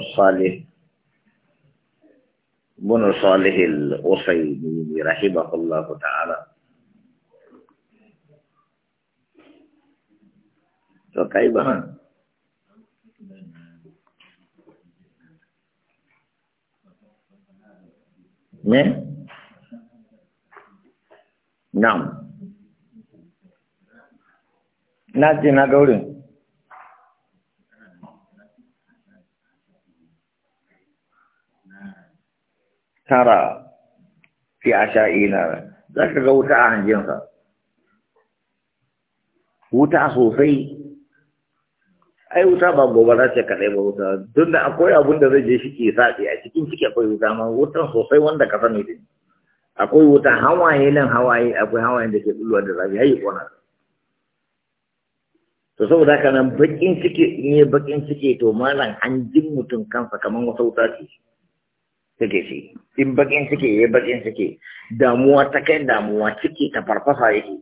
صالح بن صالح الأصيمي رحمه الله تعالى فكيف من نعم نعم نعم tara fi asha'ina za ka ga wuta a hanjinsa wuta sosai ai wuta ba gobara ce kaɗai ba wuta da akwai abin da zai je shi ke saɗe a cikin ciki akwai wuta ma wutan sosai wanda ka sani din akwai wuta hawaye nan hawaye akwai hawaye da ke bulwa da zafi hayi kona to saboda haka nan bakin ciki in bakin ciki to malam an jin mutum kansa kamar wata wuta ce suke shi in bakin suke ya bakin suke damuwa ta kai damuwa ciki ta farfasa yake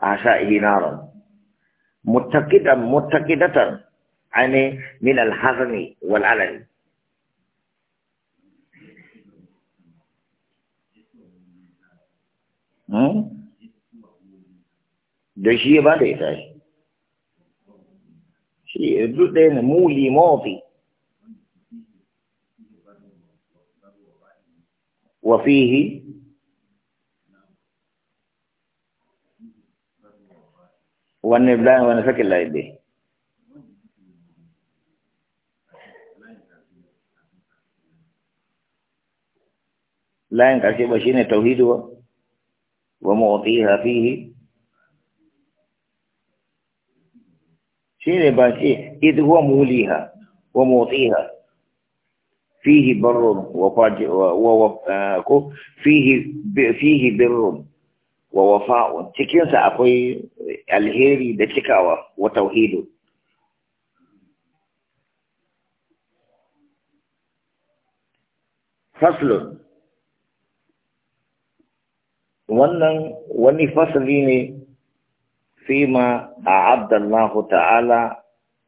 a sha ihinaron mutakidan mutakidatan ane min alhazani wal alani da shi ya ba da ita shi duk ɗaya ne muli mawafi وفيه والنبلان ونفك الله يديه لا ينقسم بشين توحيده ومعطيها فيه شيء باشي إذ هو موليها ومعطيها فيه بر وفاج ووف... فيه ب... فيه بر cikin sa akwai alheri da cikawa wa tauhidu faslun wannan wani fasali ne fima a abdallahu ta'ala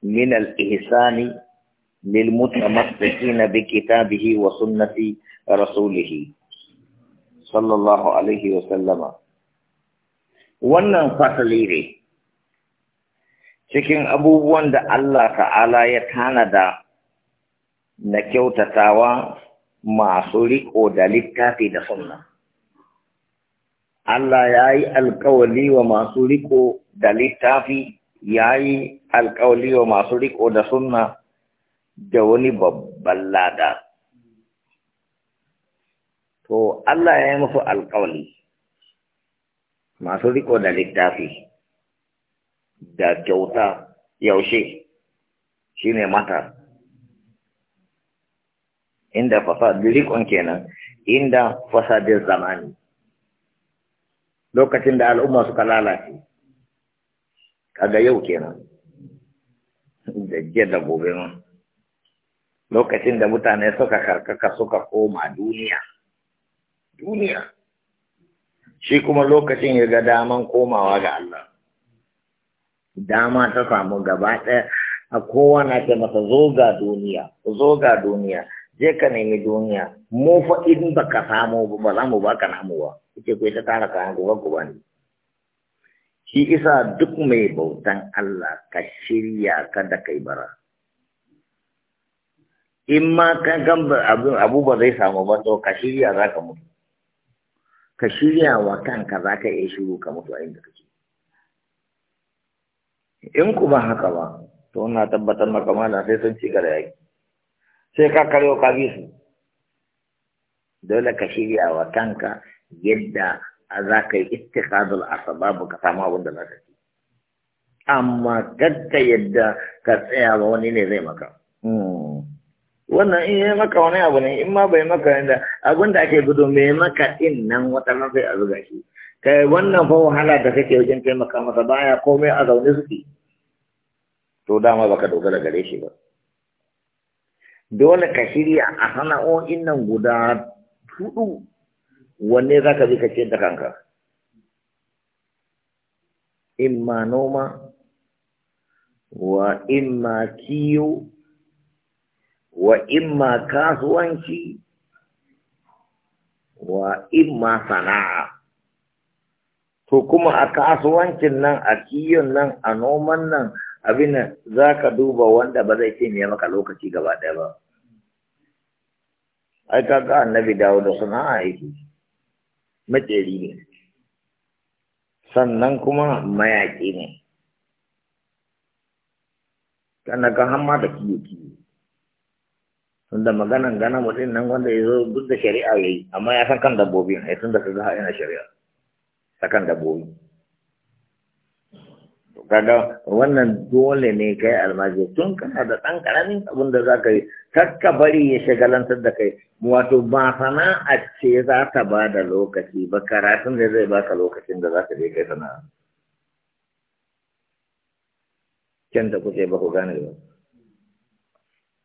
min al-ihsani للمتمسكين بكتابه وسنة رسوله صلى الله عليه وسلم wannan fasali ne cikin abubuwan da Allah ta'ala ya tanada na kyautatawa masu riko da littafi da sunna. Allah ya yi alkawali wa masu riko da littafi ya yi alkawali wa masu riko da sunna da wani babban lada to Allah ya yi musu alkawali masu riko da littafi da kyauta yaushe shine mata inda fasadin rikon kenan inda fasadin zamani lokacin da al'umma suka lalace kaga yau kenan da jiya da gobe ma lokacin da mutane suka karkaka suka koma duniya duniya shi kuma lokacin ya ga daman komawa ga Allah dama ta samu gaba ɗaya a kowane na ce masa zo ga duniya zo ga duniya je ka nemi duniya mu fa in ba ka samu ba za mu baka namu ba kuke kai ta tara kayan gobe gobe ne shi isa duk mai bautan Allah ka shirya ka da kai bara in ma ka gan abin abu ba zai samu ba to ka shirya za ka mutu ka shirya wa kanka za ka iya shiru ka mutu a inda ce in ku ba haka ba to na tabbatar maka mana sai sun ci gara yaki sai ka karyo ka bi su dole ka shirya wa kanka yadda za ka yi a asbabu ka samu abin da za ka ci amma kakka yadda ka tsaya ba wani ne zai maka hmm. wannan in yi maka wani abu ne in ma bai maka da abin da ake gudu mai maka din nan wata mafi a zuga shi kai wannan fa wahala da kake wajen taimaka masa baya komai a zaune suke to dama baka dogara gare shi ba dole ka shirya a sana'o'in nan guda hudu wanne za ka bi ka ce da kanka ma noma wa in ma kiyo wa imma kasuwanci wa imma sana'a to kuma a kasuwancin nan a kiyon nan a noman nan abin za ka duba wanda ba zai ce ya maka lokaci gaba ɗaya ba ai kaga annabi dawo da sana'a yake maƙeri ne sannan kuma mayaƙi ne kana ga hamma da kiyo kiyo tunda maganan gana mutum nan wanda ya zo duk da shari'a ya yi amma ya san kan dabbobin ya tun da ka zaha yana shari'a ta kan dabbobi kaga wannan dole ne kai almaji tun kana da ɗan ƙaramin abin da za ka yi kakka bari ya shagalantar da kai wato ba sana'a ce za ta ba da lokaci ba karatun da zai baka lokacin da za ka je kai sana'a can da kuke ba ku gane ba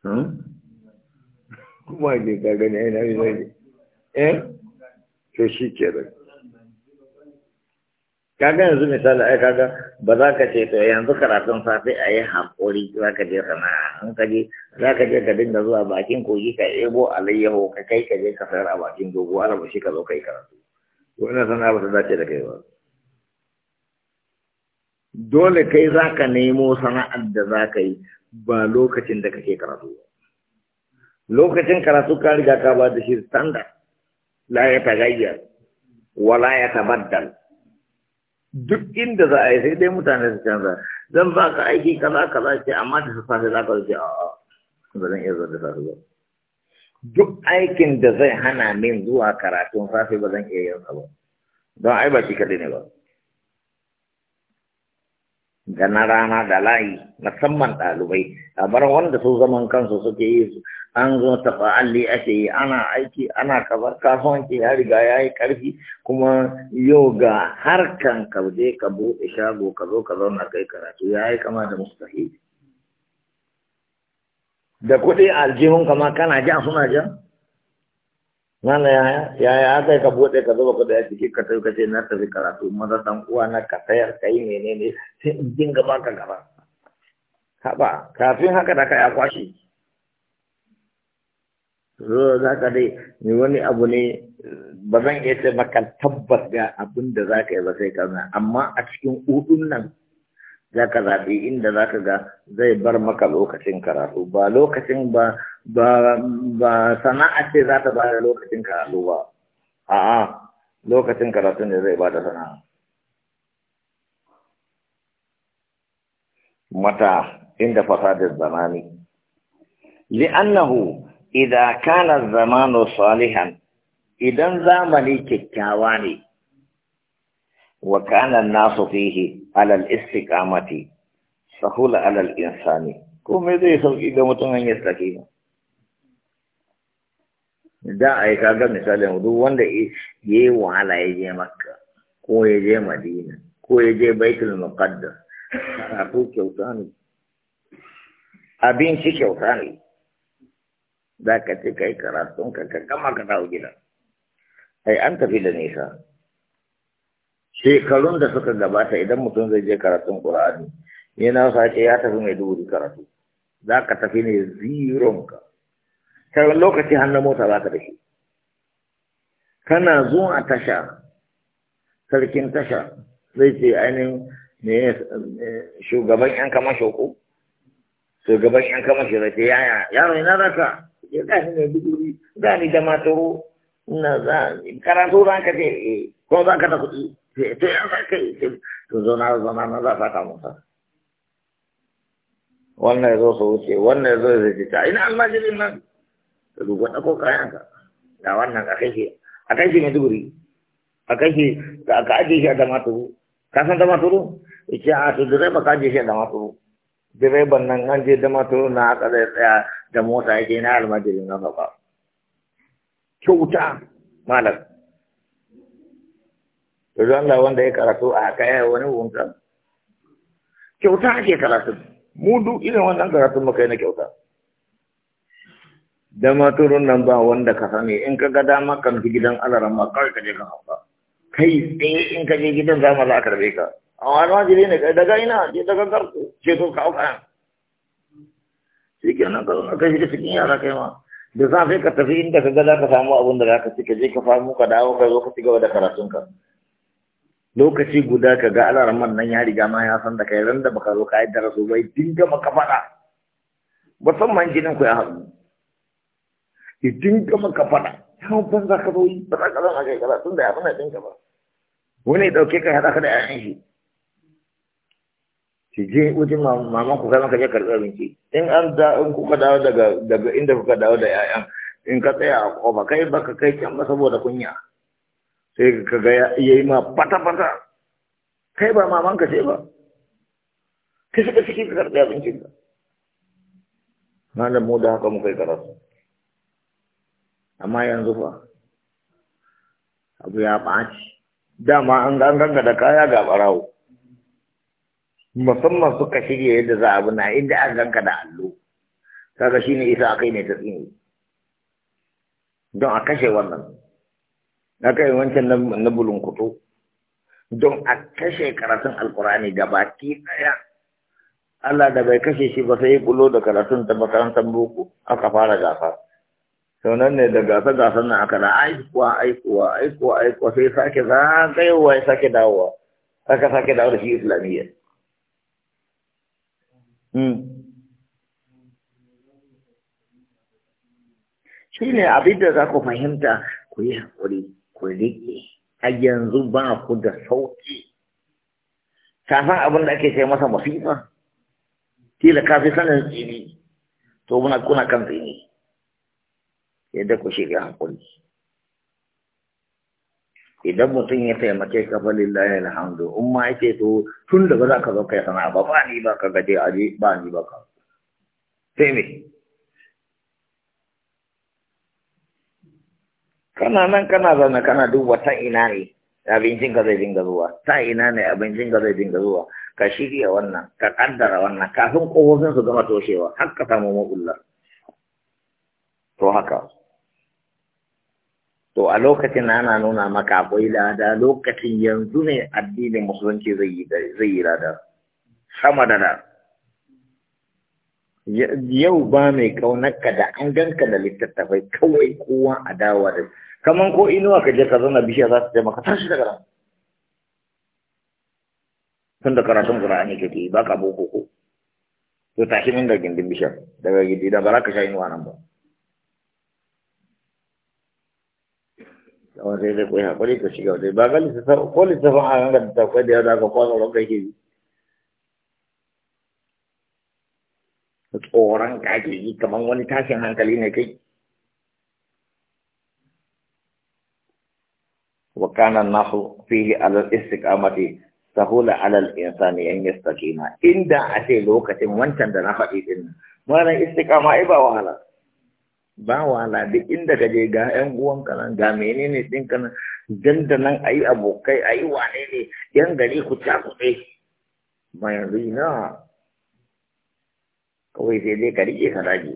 hmm? kuma ne ka gani ai na ne eh to shi ke da kaga yanzu misali ai kaga ba za ka ce to yanzu karatun safe a yi haƙuri za ka je sana'a in ka je za ka je ka dinga zuwa bakin kogi ka ebo alayyaho ka kai ka je ka sayar a bakin dogo ana ba shi ka zo kai karatu to ina sana'a ba ta dace da kai ba dole kai za ka nemo sana'ar da za ka yi ba lokacin da kake karatu ba lokacin karatu ka riga ka ba da shi standard la ya tagayyar wala ya tabaddal duk inda za a yi sai dai mutane su canza zan ba ka aiki kaza kaza ce amma da su safe za ka a a ba zan iya zuwa da safe ba duk aikin da zai hana min zuwa karatun safe ba zan iya yin sa ba don ai ba shi kaɗai ne ba da na rana da layi musamman ɗalibai a bar wanda su zaman kansu suke yi an zo tafa'alli ake yi ana aiki ana kabar kasuwanci ya riga ya yi ƙarfi kuma yau ga harkan ka je ka buɗe shago ka zo ka zauna kai karatu ya yi kama da mustahil da kuɗi aljihun kama kana ja suna jan Nana yaya, yaya aka yi ka buɗe ka zuba kuɗi a ciki ka tafi ka ce na tafi karatu maza ɗan uwa na ka tayar ka yi menene sai in dinga baka gaba. Haɓa, kafin haka da ka ya kwashe. zo za ka dai ni wani abu ne ba zan iya ce maka tabbas ga abin da za ka yi ba sai kaza amma a cikin hudun nan za ka zaɓi inda za ka ga zai bar maka lokacin karatu ba lokacin ba ba sana'a ce za ta bada lokacin karatu ba a'a lokacin karatu ne zai bada sana'a mata inda fasadin zamani li'annahu idan kana zamanu salihan idan zamani kyakkyawa ne وكان الناس فيه على الاستقامة سهول على الإنسان كم يدري سوكي قمتون أن يستقيم da a yi kaga misalin duk wanda ya yi wahala ya je makka ko ya je madina ko ya je baitul muqaddas karatu kyauta ne abinci kyauta ne za ka ce kai karatunka ka ka gida ai an tafi da nisa shekarun da suka gabata idan mutum zai je karatun na yana sace ya tafi mai dubu karatu za ka tafi ne zironka karin lokaci hannun mota za ka da shi kana zuwa tasha sarkin tasha zai ce ainihin ne shugaban yan kama shoko shugaban yan kama shi zai ce yaya yaro ina raka ya gani mai dubu gani ni da mataro na za karatu za ka ce eh, ko za ka da kuɗi eh, to ya za ka yi to zauna zauna na za ka samu sa wannan ya zo su wuce wannan ya zo ya zai ta ina almajirin nan ka duba ɗako kayan ka da wannan a kai shi a kai shi maiduguri a kai shi ka ajiye shi a damaturu ka san damaturu ce a ah, to direba ka ajiye shi a damaturu direban nan an je damaturu na aka zai tsaya da mota yake na almajirin nan ba kyauta malam yanzu Allah wanda ya karatu a haka ya wani wunta kyauta ake karatu mu duk irin wannan karatun muka na kyauta da maturun nan ba wanda ka sani in ka ga dama kan fi gidan alaran ma kawai ka je kan hauka kai tsaye in ka je gidan za ma za a karbe ka a wani wajiri ne kai daga ina je daga garku ce to ka nan. shi kenan ka zo na kai shi cikin yara kai ma da safe ka tafi inda ka ga za ka samu abin da za ka ci ka je ka famu ka dawo ka zo ka ci gaba da karatunka lokaci guda ka ga alarman nan ya riga ma ya san da kai ran da baka zo ka yi darasu bai dinga ka faɗa musamman jinin ku ya haɗu ya dinga ka faɗa yawon ban za ka zo yi ba za ka zama kai karatun da ya fi na ka ba wani ya ɗauke ka haɗa ka da 'ya'yan shi ki je wajen maman ku kai maka je karɓi abinci in an da in kuka dawo daga daga inda kuka dawo da ƴaƴan in ka tsaya a ƙofa kai baka kai can ba saboda kunya sai ka ga yi ma fata fata kai ba maman ka ce ba ka shiga ciki ka karɓi abincin ka da mu da haka mu kai karatu amma yanzu fa abu ya ɓaci dama an ganga da kaya ga ɓarawo musamman suka shirya yadda za a buna inda an zanka da allo kaga shine isa kai ne ta tsini don a kashe wannan na kai wancan na bulun kuto don a kashe karatun alkurani da baki daya Allah da bai kashe shi ba sai bulo da karatun ta makarantar boko aka fara gafa sau nan ne da gasa gasa nan aka na aikuwa aikuwa aikuwa aikuwa sai sake zagayowa ya sake dawowa aka sake dawo da shi islamiyya Hmm. Shi ne abin da za ku fahimta ku yi haƙuri, ku riƙe, a yanzu ba ku da sauƙi. san abin da ake sai masa tila ka fi sanin tsini, to muna kuna kan tsini, yadda ku shiga haƙuri. idan mutum ya taimake ka fa lillahi alhamdu in ma yake to tun da ba za ka zo kai sana'a ba ba ni ba ka gaje aje ba ni ba ka sai me kana nan kana zaune kana duba ta ina ne abincin ka zai dinga zuwa ta ina ne abincin ka zai dinga zuwa ka shirya wannan ka kaddara wannan kafin kofofin su gama toshewa har ka samu maƙullar to haka to a lokacin ana nuna maka akwai lada lokacin yanzu ne addinin musulunci zai yi lada sama da da yau ba mai kaunarka da an ganka da littattafai kawai kowa a dawa da kaman ko inuwa ka je ka zana bishiya za su taimaka tashi daga nan tun da karatun ke kake ba ka boko ko to tashi nan da gindin bishiyar daga gidi da ba za ka sha inuwa nan ba kamar sai dai koyi ka shiga wajen ba ga littattafan ko littattafan a ranar da takwai da ya aka kwana ran ke bi. tsoron ka ke yi kamar wani tashin hankali ne kai wa kana nahu fihi alal istiqamati sahula alal insani an yastaqima inda a lokacin wancan da na faɗi din malam istiqama ai ba wahala ba wala duk inda ka je ga yan uwan ka nan ga menene din ka nan dan da nan ayi abokai ayi wane ne yan gari ku ta ku dai ba yanzu na kawai sai dai ka rike ka rage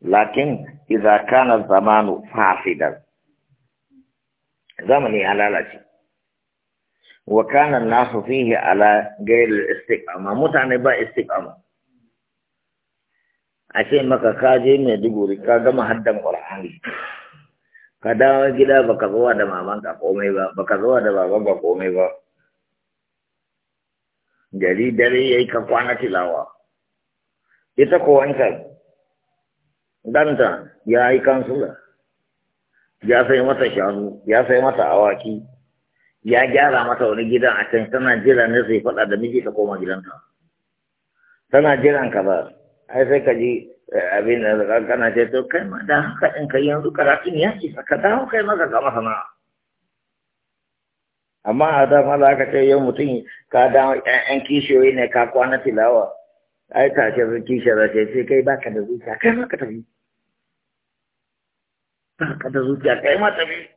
lakin idza kana zamanu fasidan zamani ya lalace wa kana nasu fihi ala ghairi istiqama mutane ba istiqama a ce maka ka je Maiduguri ka gama haddan ƙwararri ka dawo gida baka zuwa da maman ka komai ba baka zuwa da baban ka komai ba gari dare ya yi ka kwana tilawa ita ko wanka danta ya yi kansula ya sai mata shanu ya sai mata awaki ya gyara mata wani gidan a can tana jira ne sai faɗa da miji ta koma gidanta tana jiran ka ba ai sai ka ji eh, abin da kana ce to kai ma da haka in ka yanzu karatun ya ci ka dawo kai maka gama sana amma a ma za ka ce yau mutum ka dawo ƴaƴan kishiyoyi ne ka kwana tilawa ai ta ce sun kishiyar da ce sai kai baka da zuciya kai ma ka tafi baka da zuciya kai ma tafi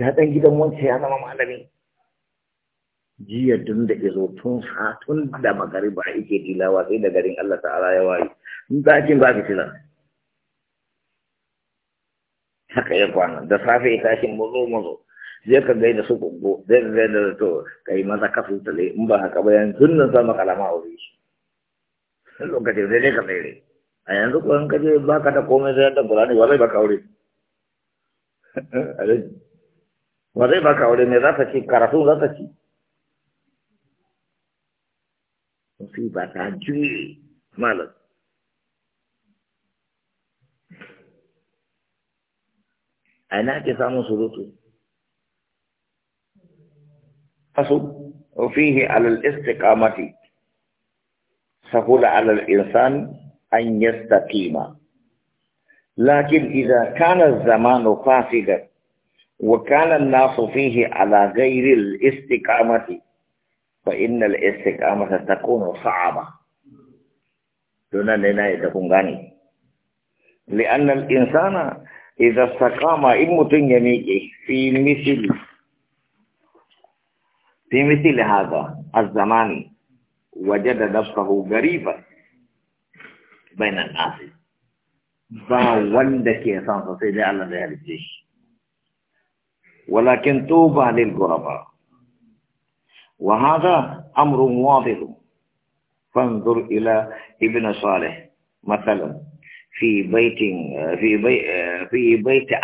ya ɗan gidan wancan ya zama malami jiya tun da izo tun tun da magariba ike dilawa sai da garin Allah ta'ala ya wayi in kin ba ki tilan haka ya kwana da safe ya tashi mu zo zai ka gaida su gungo zai ka gaida da to kai maza ka fitale in ba haka ba yanzu nan za mu kalama a wuri shi lokacin sai dai ka tsere a yanzu ko an kaje ba ka da komai sai da burani wa zai ka aure wa zai ka aure me za ka ci karatu za ka ci musiba ta juye malam a ina ake samun surutu hasu fihi alal istiqamati sahula alal insan an yastaqima لكن إذا كان الزمان فاسدا وكان الناس فيه على غير الاستقامة فإن الاستقامة تكون صعبة دون لنا يتكون غني لأن الإنسان إذا استقام إمت يميك في مثل في مثل هذا الزمان وجد نفسه غريبا بين الناس يا كيسان سيدي على ذلك ولكن توبى للغرباء Wahaza amru wadhih fanzur ila ibn salih matalan fi baitin fi bai fi baiti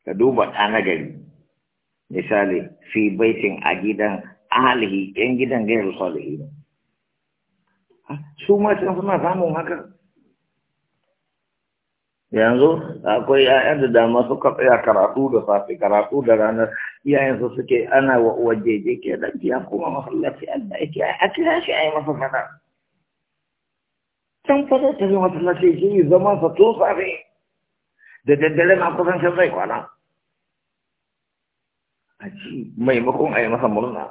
ka duba ana misali fi baitin agidan alihi yan gidan ghairu salihin su ma sun fama samun haka yanzu akwai ‘ya'yan da dama suka tsaya karatu da safe karatu da ranar iyayensu suke ana wajeje ke da ya kuma masallaci Allah yake a kira shi a masa fada can fada ta yi masallaci shi yi zama sa to safe da daddare na kusan can zai kwana a ci maimakon a yi masa murna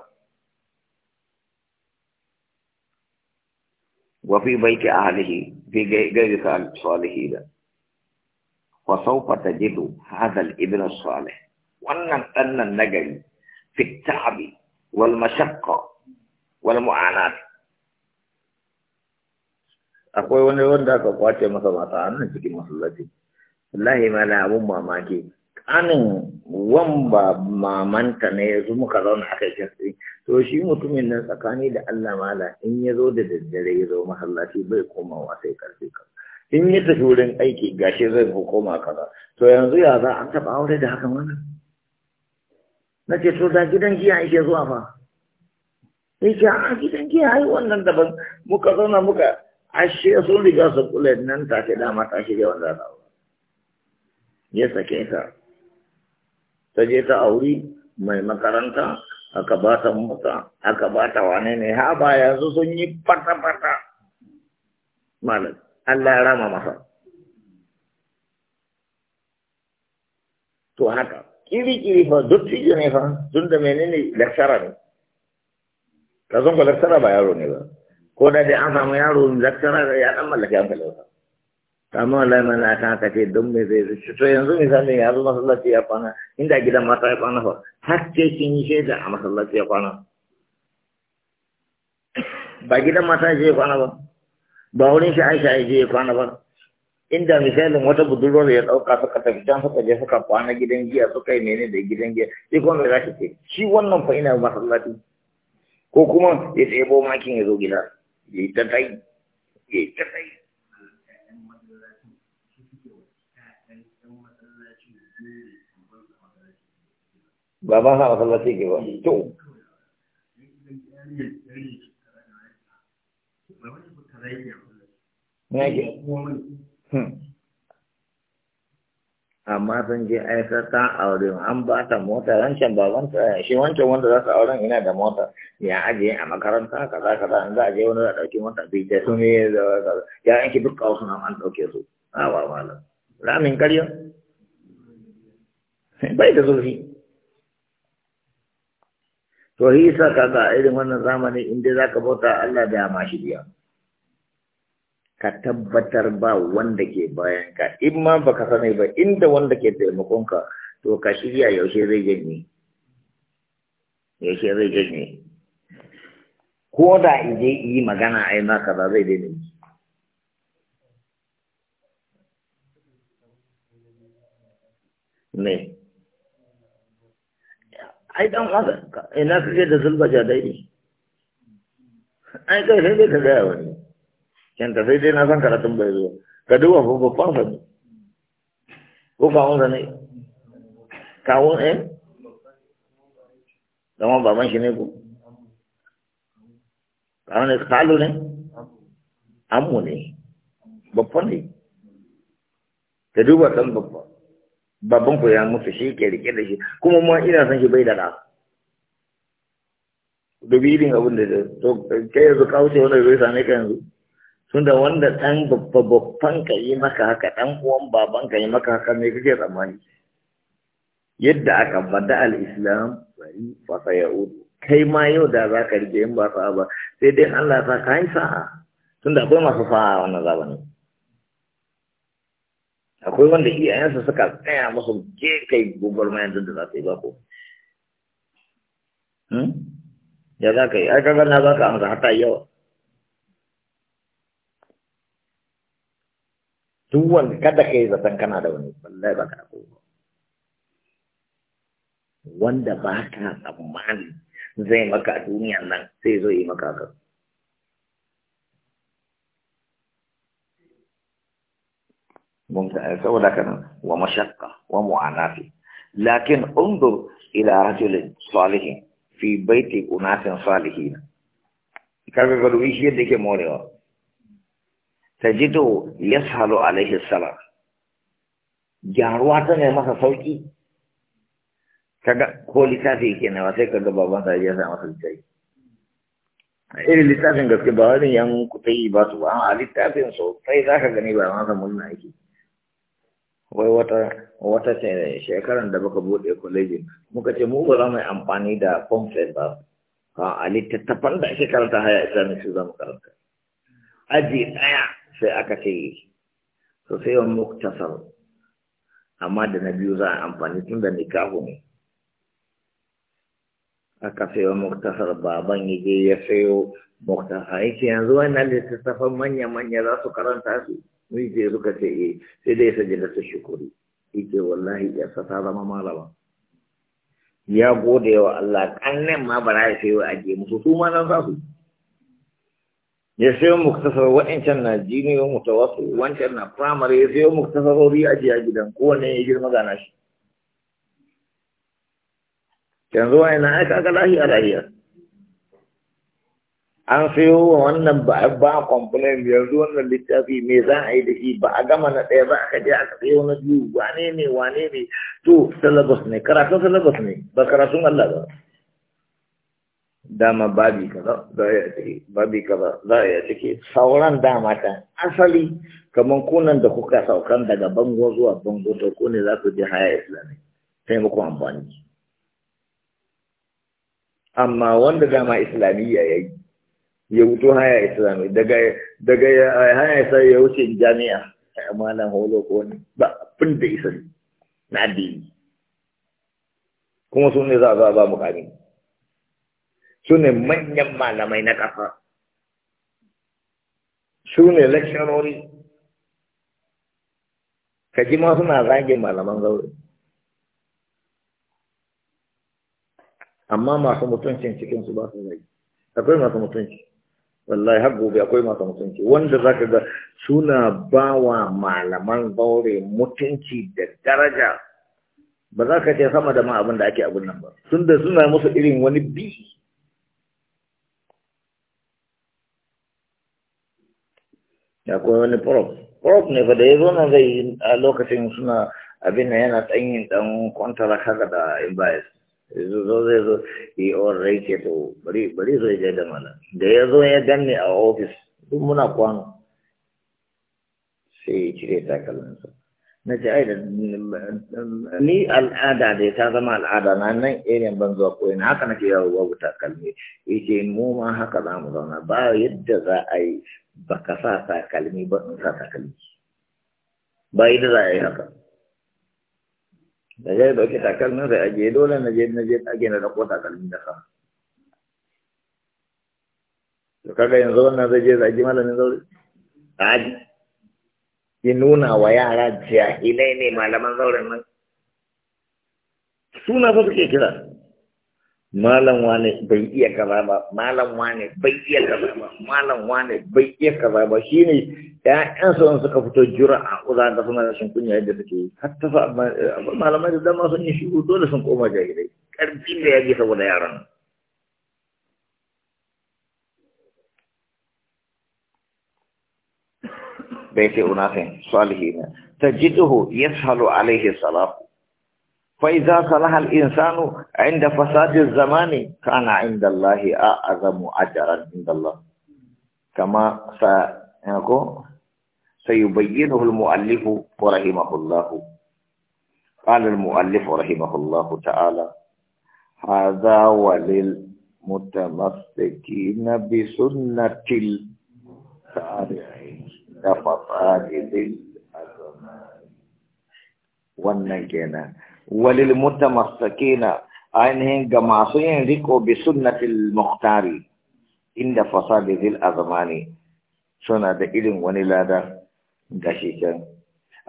wafi baiki a halihi fi gairisa salihi da وسوف تجد هذا الابن الصالح وان تن النجل في التعب والمشقة والمعاناة أقوى وانا وانا أقوى أتيا مسا ماتا أنا نسيكي مسلاتي الله ما لا أبو ما أنا وانبا ما مانتا نيزو مكالون حقيقة توشي مطمي الناس لألا ما إن يزود الدجري يزو محلاتي بيكو ما واسيكا سيكا in yi tafi wurin aiki gashi zai hukuma kaza to yanzu ya za an taɓa aure da hakan wannan na ce to da gidan giya ake zuwa fa ce a gidan giya ai wannan daban muka zauna muka ashe sun riga su kula nan ta ke dama ta shirya wanda za ya sake ta ta je ta auri mai makaranta aka ba ta mota aka ba ta wane ne ha ba yanzu sun yi fata-fata malam Allah ya rama masa to haka kiri-kiri fa duk tijo ne fa tun da menene lakshara ne ka zon ko lakshara ba yaro ne ba ko da dai an samu yaro lakshara ya dan mallaki an kalauta kama wallahi mana ta haka ce don me zai zai to yanzu misalin ya zo masallaci ya kwana inda gidan mata ya kwana fa har ce kin yi shaida a masallaci ya kwana ba gidan mata ya kwana ba ba wurin shi aisha ya ya kwana ba inda misalin wata budurwar ya ɗauka suka tafi can suka je suka kwana gidan giya suka yi mene da gidan giya sai kuma za shi ce shi wannan fa ina masallaci ko kuma ya tsebo makin ya zo gida ya yi ta tai ya yi ta tai ba ba sa masallaci ke ba to Hmm. amma sun je aika ta aure an ba ta mota wancan baban ta shi wancan wanda za su auren ina da mota ya aje a makaranta kaza kaza in za a je wani da dauki mota bi ta su yi da wata ya yanki duk kawo nan an dauke su a wa malam ramin karyar bai da zurfi to hisa a irin wannan zamani in dai ka bauta Allah da ya mashi biya ka tabbatar ba wanda ke bayan ka in ma baka sani ba inda wanda ke taimakon ka to ka shirya yaushe zai janye yaushe zai janye ko da je yi magana ai ma ba zai dai ne ne ai dan haka ina kake da zulbaja dai ne ai kai sai ka ga wani Yanta sai dai na san karatun bai zo. Ka duba ko babban sani. Ko kawun sani. eh? Zama baban sini ne ku. Kawun ne kalu ni. Amu ni. Bapa ni. Ka duba bapa. babban. Babban yang ya mutu shi ke rike da shi. Kuma ma ina san shi bai da da. Dubi irin abin da to kai yanzu kawo ce wanda zai same ka yanzu. tunda wanda ɗan babban ka yi maka haka ɗan uwan baban ka yi maka haka me kake tsammani yadda aka bada al-islam bari fa ya'udu. kai ma yau da za ka rike in ba sa'a ba sai dai Allah ya saka ka yi sa'a tunda akwai masu sa'a wannan zamanin akwai wanda iyayensa suka tsaya musu ke kai gwagwarmayar da za ta yi bako hmm? ya za ka yi ai kaga na za ka amsa hata yawa duk wanda kada ka yi zaton kana da wani wallahi ba ka da kowa wanda ba ka tsammani zai maka a duniyan nan sai zo yi maka haka saboda haka nan wa mashakka wa mu'anafi lakin undur ila rajulin salihin fi baiti unatin salihin kaga ga dubi shi yadda yake morewa tajido yashalu alaihi salam gyaruwa ta ne masa sauki kaga ko littafi yake ne sai kaga baban sa ya sa masa littafi irin littafin gaske ba wani yan kutai ba su ba a littafin sosai za ka gani ba masa murna yake wai wata wata ce shekaran da baka bude kwalejin muka ce mu ba za mu yi amfani da pomfet ba a littattafan da ake karanta haya ne su za mu karanta aji daya sai aka ce to sai wa muktasar amma da na biyu za a amfani tun da nikahu ne aka wa muktasar baban ya je ya sayo muktasar yake yanzu wannan littattafan manya-manya za su karanta su mun je suka ce eh sai dai sa jira su shukuri yake wallahi ya sa ta zama malama ya gode wa Allah kannan ma bara ya wa ajiye musu su ma za su ya sayo muktasar wa'ancan na jiniyo mutawasu wancan na primary ya sayo muktasarori a jiya gidan kowane ya girma gana shi yanzu wani yana aika aka lahiya lahiya an sayo wa wannan ba ba complain yanzu wannan littafi me za a yi da shi ba a gama na ɗaya ba aka je aka sayo na biyu wane ne wane ne to salabas ne karatun salabas ne ba karatun Allah ba dama babi kaza za a yi ciki babi kaza za a yi ciki sauran dama ta asali kamar kunan da kuka saukan daga bango zuwa bango to ku ne za ku je haya islami sai muku amfani amma wanda dama islamiyya ya yi ya wuto haya islami daga daga haya eh, sai ya wuce jami'a eh, amma nan holo ko ne ba abin da isa na addini kuma su ne za a ba mukami su ne manyan malamai na ƙasa su ne lakshirori ka ji ma suna zagin malaman zaure amma masu mutuncin cikinsu ba su zai. akwai masu mutunci wallahi har gobe akwai masu mutunci wanda za ka ga suna ba wa malaman zaure mutunci da daraja ba za ka ce sama da ma abin da ake abin nan ba tun da suna musu irin wani bi da kuma wani prop prop ne fa da ya zo nan zai yi a lokacin suna abin na yana tsanyin dan kwantar haka da imbayas zo zai zo yi on rai to bari bari zo ya da mana da ya zo ya ganni a ofis duk muna kwano sai ya cire takalminsa na ce ai da ni al'ada da ta zama al'ada na nan irin ban zuwa koyi na haka nake yawo babu takalmi yake mu ma haka za mu zauna ba yadda za a yi ka sa takalmi ba in sa takalmi ba yadda za a yi haka da ya dauki takalmin sai aje dole na je na je gina na ko takalmi da sa to kaga yanzu wannan zai je zai ji malamin zaure aji ya nuna wa yara jahilai ne malaman zauren nan suna fa suke kira malam wane bai iya kaza ba malam wane bai iya kaza ba malam wane bai iya kaza ba shine ƴaƴan su suka fito jura a uza da suna rashin kunya yadda suke yi hatta fa malamai da dama sun yi shi dole sun koma jahilai karfin da ya ji saboda yaran بيت أناس صالحين تجده يسهل عليه الصلاة فإذا صلح الإنسان عند فساد الزمان كان عند الله أعظم أجرا عند الله كما سيبينه المؤلف رحمه الله قال المؤلف رحمه الله تعالى هذا وللمتمسكين بسنة الشارع كمطالب الأزمان والنجنة وللمتمسكين ainihin ga masu yin riko bi sunnatil muhtari inda fasadi zil azmani suna da irin wani lada ga shi can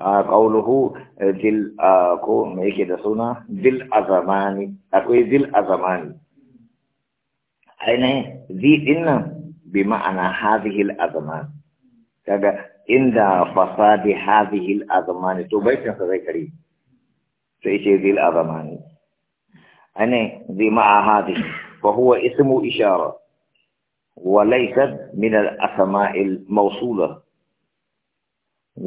a kauluhu zil ko me yake da suna zil azmani akwai zil azmani ainihin zi dinnan bi ma'ana hazihil azmani کہ اندا فساد هذه الازمان تو بیٹھ کر رہے کری تو اسے دل اضمان انے دی ما هذه فهو اسم اشاره وليس من الاسماء الموصوله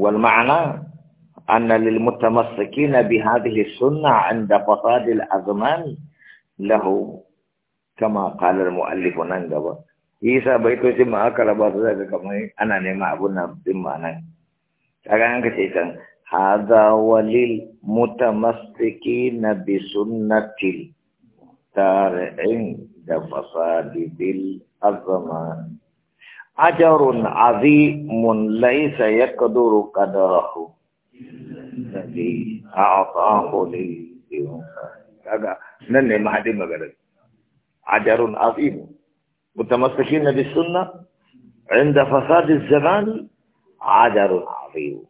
والمعنى ان للمتمسكين بهذه السنه عند فساد الازمان له كما قال المؤلف ننجبه yasa baitocin ma aka raba su daga kamar ana nema abun nan din ma'ana kaga an kace can hadha walil na bi sunnatil tari'in da fasadi bil azman ajrun azimun laysa yaqduru qadarahu alladhi a'tahu lil kaga nan ne mahadin magana ajrun azimun متمسكين بالسنة عند فساد الزمان عجر عظيم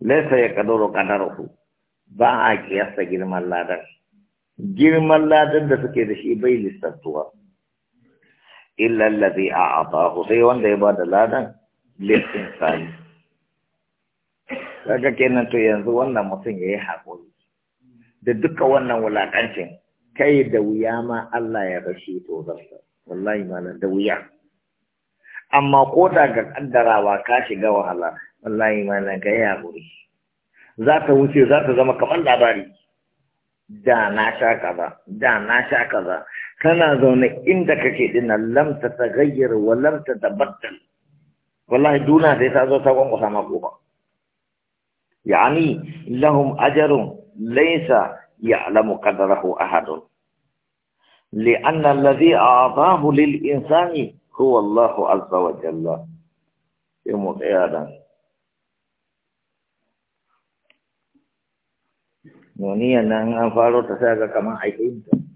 ليس يقدر قدره باع كيس جرم اللادن جرم اللادن ده سكيد شيء بي لستطوع إلا الذي أعطاه سيوان ده يباد اللادن للإنسان لكن kenan to yanzu wannan mutum ya yi haƙuri da duka wannan kai da wuya ma Allah ya rashi to zarta wallahi malam da wuya amma ko da ga kaddarawa ka shiga wahala wallahi malam ka yi wuri. za ta wuce za ta zama kamar labari da na sha kaza da na sha kaza kana zaune inda kake dina lam ta tagayyar wa lam ta tabattal wallahi duna sai ta zo ta kwankwasa ma ko ba yani lahum ajrun laysa ya'lamu qadrahu ahadun لأن الذي أعطاه للإنسان هو الله عز وجل يوم القيامة نونيا نعم فارو faro ta sa